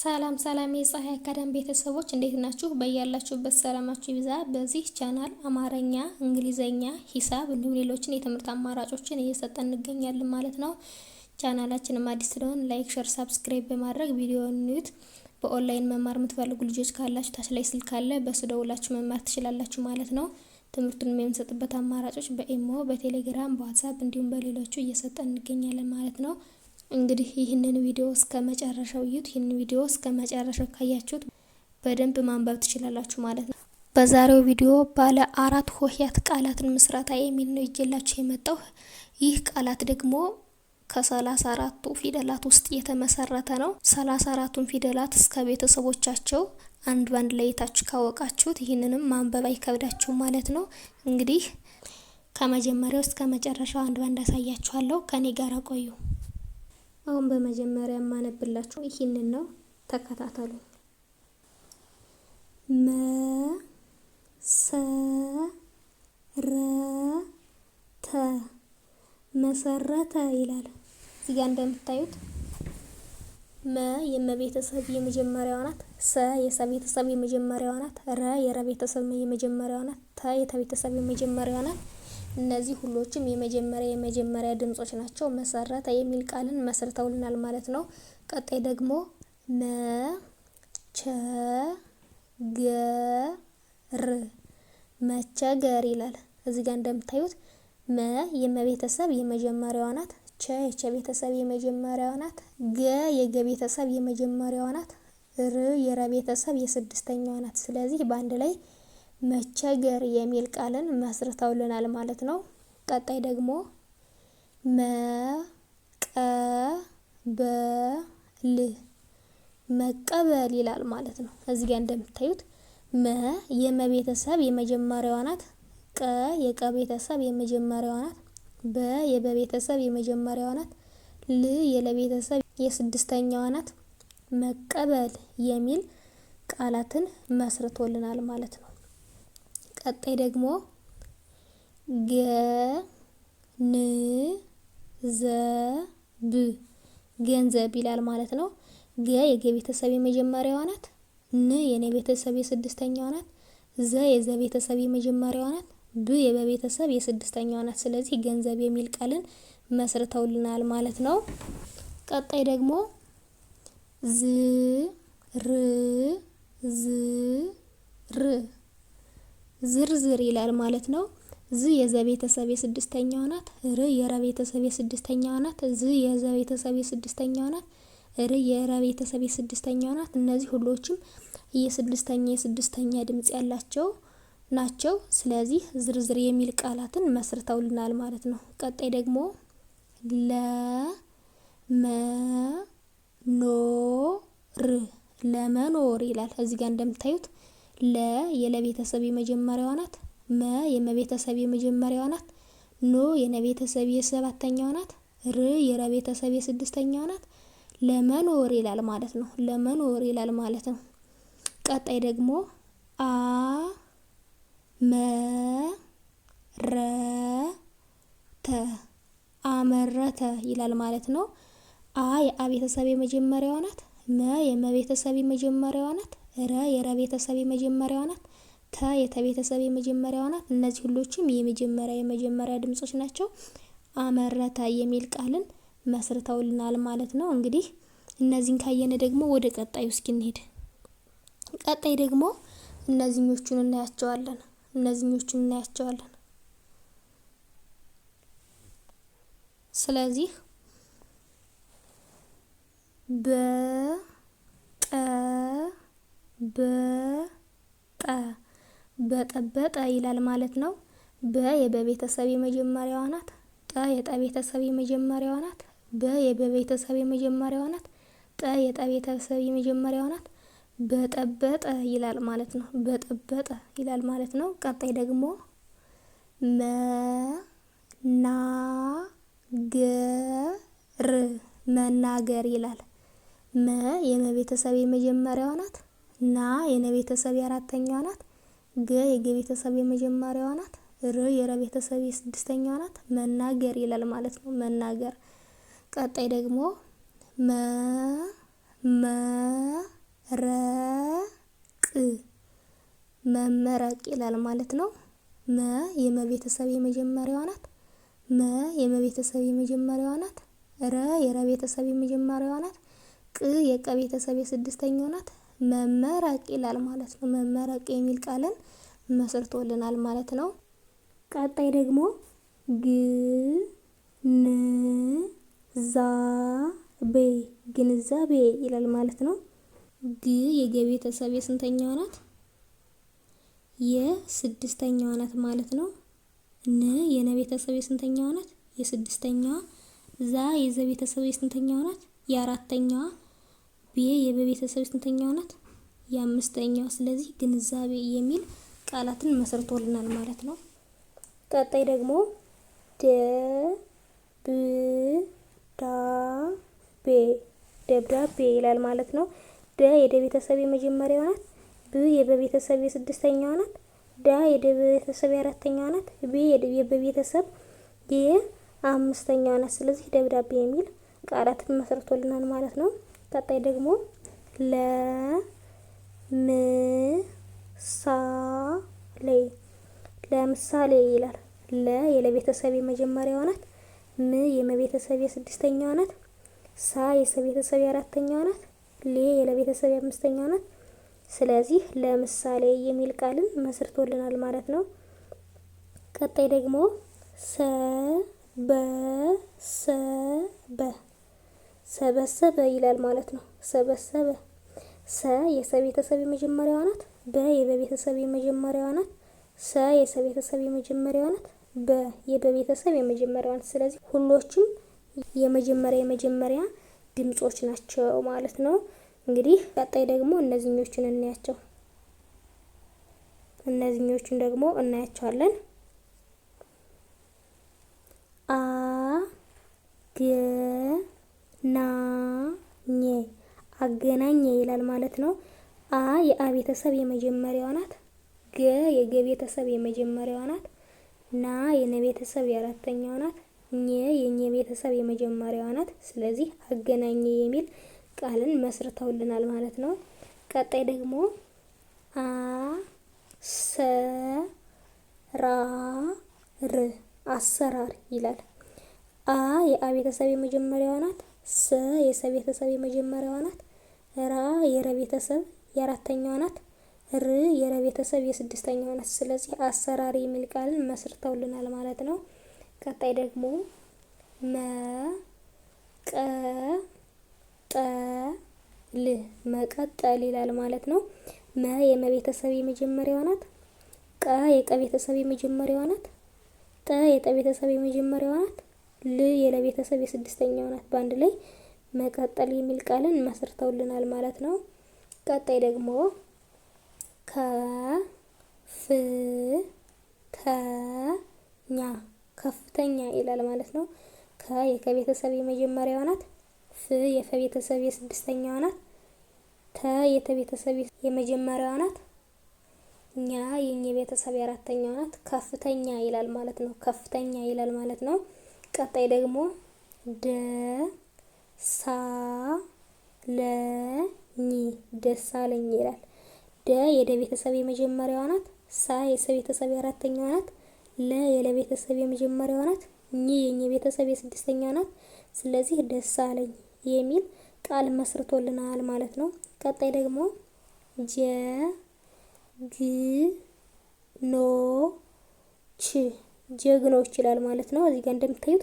ሰላም ሰላም የፀሐይ አካዳሚ ቤተሰቦች እንዴት ናችሁ? በያላችሁበት ሰላማችሁ ይብዛ። በዚህ ቻናል አማረኛ፣ እንግሊዘኛ፣ ሂሳብ እንዲሁም ሌሎችን የትምህርት አማራጮችን እየሰጠን እንገኛለን ማለት ነው። ቻናላችንም አዲስ ስለሆን ላይክ፣ ሸር፣ ሳብስክራይብ በማድረግ ቪዲዮውን ኒዩት። በኦንላይን መማር የምትፈልጉ ልጆች ካላችሁ ታች ላይ ስልክ አለ፣ በሱ ደውላችሁ መማር ትችላላችሁ ማለት ነው። ትምህርቱን የምንሰጥበት አማራጮች በኢሞ፣ በቴሌግራም፣ በዋትሳፕ እንዲሁም በሌሎቹ እየሰጠን እንገኛለን ማለት ነው። እንግዲህ ይህንን ቪዲዮ እስከ መጨረሻው እዩት። ይህን ቪዲዮ እስከ መጨረሻው ካያችሁት በደንብ ማንበብ ትችላላችሁ ማለት ነው። በዛሬው ቪዲዮ ባለ አራት ሆሄያት ቃላትን ምስረታ የሚል ነው ይዤላችሁ የመጣው። ይህ ቃላት ደግሞ ከሰላሳ አራቱ ፊደላት ውስጥ የተመሰረተ ነው። ሰላሳ አራቱን ፊደላት እስከ ቤተሰቦቻቸው አንድ ባንድ ለይታችሁ ካወቃችሁት ይህንንም ማንበብ አይከብዳችሁም ማለት ነው። እንግዲህ ከመጀመሪያው እስከ መጨረሻው አንድ ባንድ አሳያችኋለሁ። ከኔ ጋር ቆዩ። አሁን በመጀመሪያ የማነብላችሁ ይህንን ነው። ተከታተሉ። መ ሰ ረ ተ መሰረተ ይላል። እዚህ እንደምታዩት መ የመቤተሰብ የመጀመሪያዋ ናት። ሰ የሰ ቤተሰብ የመጀመሪያዋ ናት። ረ የረ ቤተሰብ የመጀመሪያዋ ናት። ተ የተ ቤተሰብ የመጀመሪያዋ ናት። እነዚህ ሁሎችም የመጀመሪያ የመጀመሪያ ድምጾች ናቸው። መሰረተ የሚል ቃልን መስርተውልናል ማለት ነው። ቀጣይ ደግሞ መቸገር መቸገር ይላል። እዚህ ጋር እንደምታዩት መ የመቤተሰብ የመጀመሪያዋ ናት። ቸ የቸ ቤተሰብ የመጀመሪያዋ ናት። ገ የገ ቤተሰብ የመጀመሪያዋ ናት። ር የረ ቤተሰብ የስድስተኛዋ ናት። ስለዚህ በአንድ ላይ መቸገር የሚል ቃልን መስርተውልናል ማለት ነው። ቀጣይ ደግሞ መቀበል መቀበል ይላል ማለት ነው። እዚህ ጋር እንደምታዩት መ የመቤተሰብ የመጀመሪያዋ ናት። ቀ የቀ ቤተሰብ የመጀመሪያዋ ናት። በ የበቤተሰብ የመጀመሪያዋ ናት። ል የለቤተሰብ የስድስተኛዋ ናት። መቀበል የሚል ቃላትን መስርቶልናል ማለት ነው። ቀጣይ ደግሞ ገንዘብ ገንዘብ ይላል ማለት ነው። ገ የገ ቤተሰብ የመጀመሪያዋ ናት። ን የነ ቤተሰብ የስድስተኛዋ ናት። ዘ የዘ ቤተሰብ የመጀመሪያዋ ናት። ብ የበ ቤተሰብ የስድስተኛዋ ናት። ስለዚህ ገንዘብ የሚል ቃልን መስርተውልናል ማለት ነው። ቀጣይ ደግሞ ዝ ር ዝ ር ዝርዝር ይላል ማለት ነው። ዝ የዘ ቤተሰብ የስድስተኛዋ ናት። ር የረ ቤተሰብ የስድስተኛዋ ናት። ዝ የዘ ቤተሰብ የስድስተኛዋ ናት። ር የረ ቤተሰብ የስድስተኛዋ ናት። እነዚህ ሁሎችም የስድስተኛ የስድስተኛ ድምጽ ያላቸው ናቸው። ስለዚህ ዝርዝር የሚል ቃላትን መስርተውልናል ማለት ነው። ቀጣይ ደግሞ ለ መ ኖ ር ለመኖር ይላል። እዚህ ጋር እንደምታዩት ለ የለቤተሰብ የመጀመሪያዋ ናት። መ የመቤተሰብ የመጀመሪያዋ ናት። ኖ የነቤተሰብ የሰባተኛው ናት። ር የረቤተሰብ የስድስተኛዋ ናት። ለመኖር ይላል ማለት ነው። ለመኖር ይላል ማለት ነው። ቀጣይ ደግሞ አ መ ረ ተ አመረተ ይላል ማለት ነው። አ የአ ቤተሰብ የመጀመሪያዋ ናት። መ የመቤተሰብ የመጀመሪያዋ ናት። ረ ቤተሰብ የመጀመሪያዋ ናት። ተ የተቤተሰብ የመጀመሪያዋ ናት። እነዚህ ሁሎችም የመጀመሪያ የመጀመሪያ ድምጾች ናቸው። አመረተ የሚል ቃልን መስርተውልናል ማለት ነው። እንግዲህ እነዚህን ካየነ ደግሞ ወደ ቀጣዩ እስኪ እንሄድ። ቀጣይ ደግሞ እነዚህኞቹን እናያቸዋለን። እነዚህኞቹን እናያቸዋለን። ስለዚህ በጠ በጠ በጠበጠ ይላል ማለት ነው። በ የበቤተሰብ የመጀመሪያዋ ናት። ጠ የጠቤተሰብ የመጀመሪያዋ ናት። በ የበቤተሰብ የመጀመሪያዋ ናት። ጠ የጠቤተሰብ የመጀመሪያዋ ናት። በጠበጠ ይላል ማለት ነው። በጠበጠ ይላል ማለት ነው። ቀጣይ ደግሞ መ ና ገር መናገር ይላል። መ የመቤተሰብ የመጀመሪያዋ ናት። ና የነ ቤተሰብ የአራተኛዋ ናት። ገ የገ ቤተሰብ የመጀመሪያዋ ናት። ር የረ ቤተሰብ የስድስተኛዋ ናት። መናገር ይላል ማለት ነው። መናገር ቀጣይ ደግሞ መ ቅ መመረቅ ይላል ማለት ነው። መ የመቤተሰብ የመጀመሪያዋ ናት። መ የመቤተሰብ የመጀመሪያዋ ናት። ረ የረ ቤተሰብ የመጀመሪያዋ ናት። ቅ የቀ ቤተሰብ የስድስተኛው ናት። መመረቅ ይላል ማለት ነው። መመረቅ የሚል ቃልን መስርቶልናል ማለት ነው። ቀጣይ ደግሞ ግንዛቤ ግንዛቤ ይላል ማለት ነው። ግ የገ ቤተሰብ የስንተኛ ናት? የስድስተኛዋ ናት ማለት ነው። ን የነ ቤተሰብ ናት? የስድስተኛዋ ዛ የዘ ቤተሰብ የስንተኛዋ ናት? የአራተኛዋ ብዬ የበቤተሰብ ስንተኛው ናት? የአምስተኛው። ስለዚህ ግንዛቤ የሚል ቃላትን መስርቶልናል ማለት ነው። ቀጣይ ደግሞ ደብዳቤ ደብዳቤ ይላል ማለት ነው። ደ የደቤተሰብ የመጀመሪያው ናት። ብ የበቤተሰብ የስድስተኛዋ ናት። ዳ የደቤተሰብ የአራተኛዋ ናት። ቤ የበቤተሰብ የአምስተኛዋ ናት። ስለዚህ ደብዳቤ የሚል ቃላትን መስርቶልናል ማለት ነው። ቀጣይ ደግሞ ለምሳሌ ለምሳሌ ይላል። ለ የለቤተሰብ የመጀመሪያዋ ናት። ም የመቤተሰብ የስድስተኛዋ ናት። ሳ የሰቤተሰብ የአራተኛዋ ናት። ሌ የለቤተሰብ የአምስተኛዋ ናት። ስለዚህ ለምሳሌ የሚል ቃልን መስርቶልናል ማለት ነው። ቀጣይ ደግሞ ሰበሰበ ሰበሰበ ይላል ማለት ነው። ሰበሰበ ሰ የሰቤተሰብ የመጀመሪያዋ ናት። በ የበቤተሰብ የመጀመሪያዋ ናት። ሰ የሰቤተሰብ የመጀመሪያዋ ናት። በ የበቤተሰብ የመጀመሪያዋ ናት። ስለዚህ ሁሎችም የመጀመሪያ የመጀመሪያ ድምጾች ናቸው ማለት ነው። እንግዲህ ቀጣይ ደግሞ እነዚህኞቹን እናያቸው። እነዚህኞቹን ደግሞ እናያቸዋለን። አ ገ ናኘ አገናኘ ይላል ማለት ነው። አ የአ ቤተሰብ የመጀመሪያው ናት። ገ የገ ቤተሰብ የመጀመሪያው ናት። ና የነ ቤተሰብ የአራተኛዋ ናት። ኘ የኘ ቤተሰብ የመጀመሪያዋ ናት። ስለዚህ አገናኘ የሚል ቃልን መስርተውልናል ማለት ነው። ቀጣይ ደግሞ አ ሰ ራ ር አሰራር ይላል። አ የአ ቤተሰብ የመጀመሪያዋ ናት። ሰ የሰቤተሰብ የመጀመሪያዋ ናት። ራ የረቤተሰብ የአራተኛዋ ናት። ር የረቤተሰብ የስድስተኛዋ ናት። ስለዚህ አሰራሪ የሚል ቃልን መስርተውልናል ማለት ነው። ቀጣይ ደግሞ መ ቀ ጠ ል መቀጠል ይላል ማለት ነው። መ የመቤተሰብ የመጀመሪያዋ ናት። ቀ የቀቤተሰብ የመጀመሪያዋ ናት። ጠ የጠቤተሰብ የመጀመሪያዋ ናት። ል የለቤተሰብ የስድስተኛው ናት በአንድ ላይ መቀጠል የሚል ቃልን መስርተውልናል ማለት ነው። ቀጣይ ደግሞ ከ ፍ ተ ኛ ከፍተኛ ይላል ማለት ነው። ከ የከቤተሰብ የመጀመሪያዋ ናት። ፍ የፈቤተሰብ የስድስተኛው ናት። ተ የተቤተሰብ የመጀመሪያው ናት። ኛ የኛ ቤተሰብ የአራተኛው ናት። ከፍተኛ ይላል ማለት ነው። ከፍተኛ ይላል ማለት ነው። ቀጣይ ደግሞ ደ ሳ ለ ኝ ደሳለኝ ይላል። ደ የደ ቤተሰብ የመጀመሪያዋ ናት። ሳ የሰ ቤተሰብ የአራተኛዋ ናት። ለ የለ ቤተሰብ የመጀመሪያዋ ናት። ኝ የኝ ቤተሰብ የስድስተኛዋ ናት። ስለዚህ ደሳለኝ የሚል ቃል መስርቶልናል ማለት ነው። ቀጣይ ደግሞ ጀ ግ ኖ ች ጀግኖ ይችላል ማለት ነው። እዚህ ጋር እንደምታዩት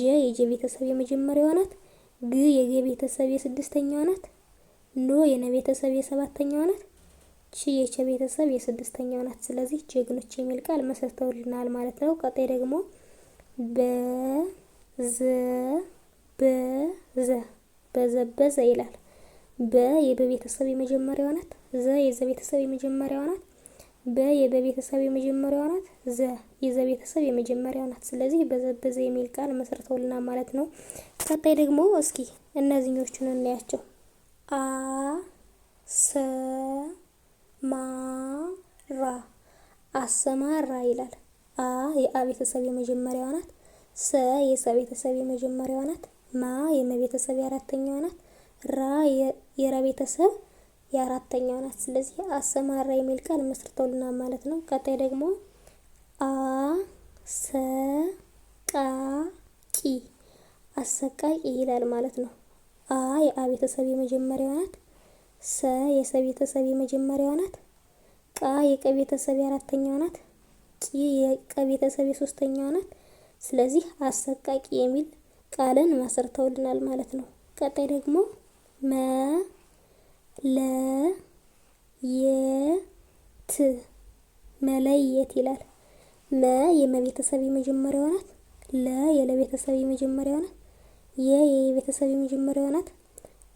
ጀ የጀ ቤተሰብ የመጀመሪያዋ ናት። ግ የገ ቤተሰብ የስድስተኛዋ ናት። ኖ የነ ቤተሰብ የሰባተኛዋ ናት። ቺ የቸ ቤተሰብ የስድስተኛው ናት። ስለዚህ ጀግኖች የሚል ቃል መሰርተውልናል ማለት ነው። ቀጣይ ደግሞ በዘ በዘ በዘበዘ ይላል። በ የበ የመጀመሪያው ናት። ዘ የዘ ቤተሰብ የመጀመሪያው ናት። በ የበቤተሰብ የመጀመሪያዋ ናት። ዘ የዘቤተሰብ የመጀመሪያው ናት። ስለዚህ በዘበዘ የሚል ቃል መስርተውልና ማለት ነው። ቀጣይ ደግሞ እስኪ እነዚህኞቹን እናያቸው። አ ሰ ማ ራ አሰማራ ይላል። አ የአ ቤተሰብ የመጀመሪያዋ ናት። ሰ የሰ ቤተሰብ የመጀመሪያዋ ናት። ማ የመቤተሰብ የአራተኛው ናት። ራ የራ ቤተሰብ የአራተኛው ናት። ስለዚህ አሰማራ የሚል ቃል መስርቶልና ማለት ነው። ቀጣይ ደግሞ አ ሰ ቃ ቂ አሰቃቂ ይላል ማለት ነው። አ የአ ቤተሰብ ናት። ሰ የሰ ቤተሰብ የመጀመሪያው ናት። ቃ የቀ ቤተሰብ የአራተኛው ናት። ቂ የቀ ቤተሰብ የሶስተኛው ናት። ስለዚህ አሰቃቂ የሚል ቃልን መስርተውልናል ማለት ነው። ቀጣይ ደግሞ መ ለየት መለየት ይላል። መ የመቤተሰብ የመጀመሪያዋ ናት። ለ የለቤተሰብ የመጀመሪያዋ ናት። የ የቤተሰብ የመጀመሪያዋ ናት።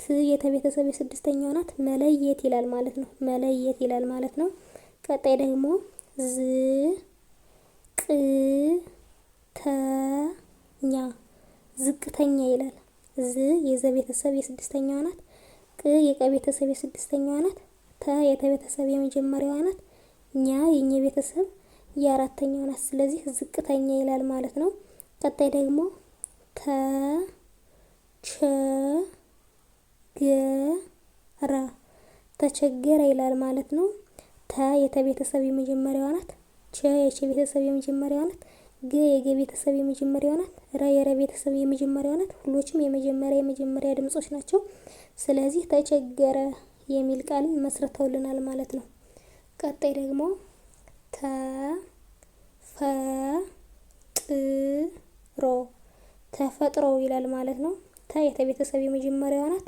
ት የተቤተሰብ የስድስተኛው ናት። መለየት ይላል ማለት ነው። መለየት ይላል ማለት ነው። ቀጣይ ደግሞ ዝ ቅ ተ ኛ ዝቅተኛ ይላል። ዝ የዘ ቤተሰብ የስድስተኛው ናት። ቅ የቀቤተሰብ የስድስተኛዋ ናት። ተ የተቤተሰብ የመጀመሪያዋ ናት። ኛ የኛ ቤተሰብ የአራተኛው ናት። ስለዚህ ዝቅተኛ ይላል ማለት ነው። ቀጣይ ደግሞ ተ ቸ ገ ረ ተቸገረ ይላል ማለት ነው። ተ የተቤተሰብ የመጀመሪያዋ ናት። ቸ የቸ ቤተሰብ የመጀመሪያዋ ናት። ገ የገ ቤተሰብ የመጀመሪያው ናት። ረ የረ ቤተሰብ የመጀመሪያ ናት። ሁሎችም የመጀመሪያ የመጀመሪያ ድምጾች ናቸው። ስለዚህ ተቸገረ የሚል ቃልን መስርተውልናል ማለት ነው። ቀጣይ ደግሞ ተ ፈ ጥ ሮ ተፈጥሮ ይላል ማለት ነው። ተ የተ ቤተሰብ የመጀመሪያዋ ናት።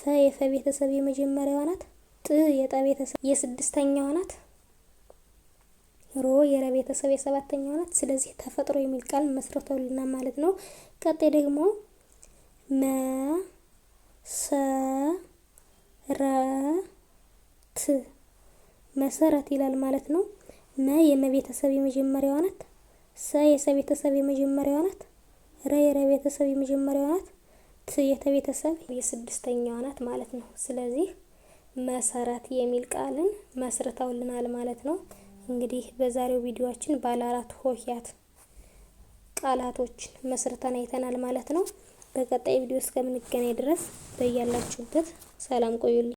ፈ የፈ ቤተሰብ የመጀመሪያዋ ናት። ጥ የጠ ቤተሰብ የስድስተኛዋ ናት። ሮ የረ ቤተሰብ የሰባተኛዋ ናት። ስለዚህ ተፈጥሮ የሚል ቃል መስረተውልና ማለት ነው። ቀጤ ደግሞ መ ሰ ረ ት መሰረት ይላል ማለት ነው። መ የመቤተሰብ የመጀመሪያዋ ናት። ሰ የሰቤተሰብ ቤተሰብ የመጀመሪያዋ ናት። ረ የረ ቤተሰብ የመጀመሪያዋ ናት። ት የተቤተሰብ የስድስተኛዋ ናት ማለት ነው። ስለዚህ መሰረት የሚል ቃልን መስርተውልናል ማለት ነው። እንግዲህ በዛሬው ቪዲዮአችን ባለ አራት ሆሄያት ቃላቶችን መስርተን አይተናል ማለት ነው። በቀጣይ ቪዲዮ እስከምንገናኝ ድረስ በያላችሁበት ሰላም ቆዩልኝ።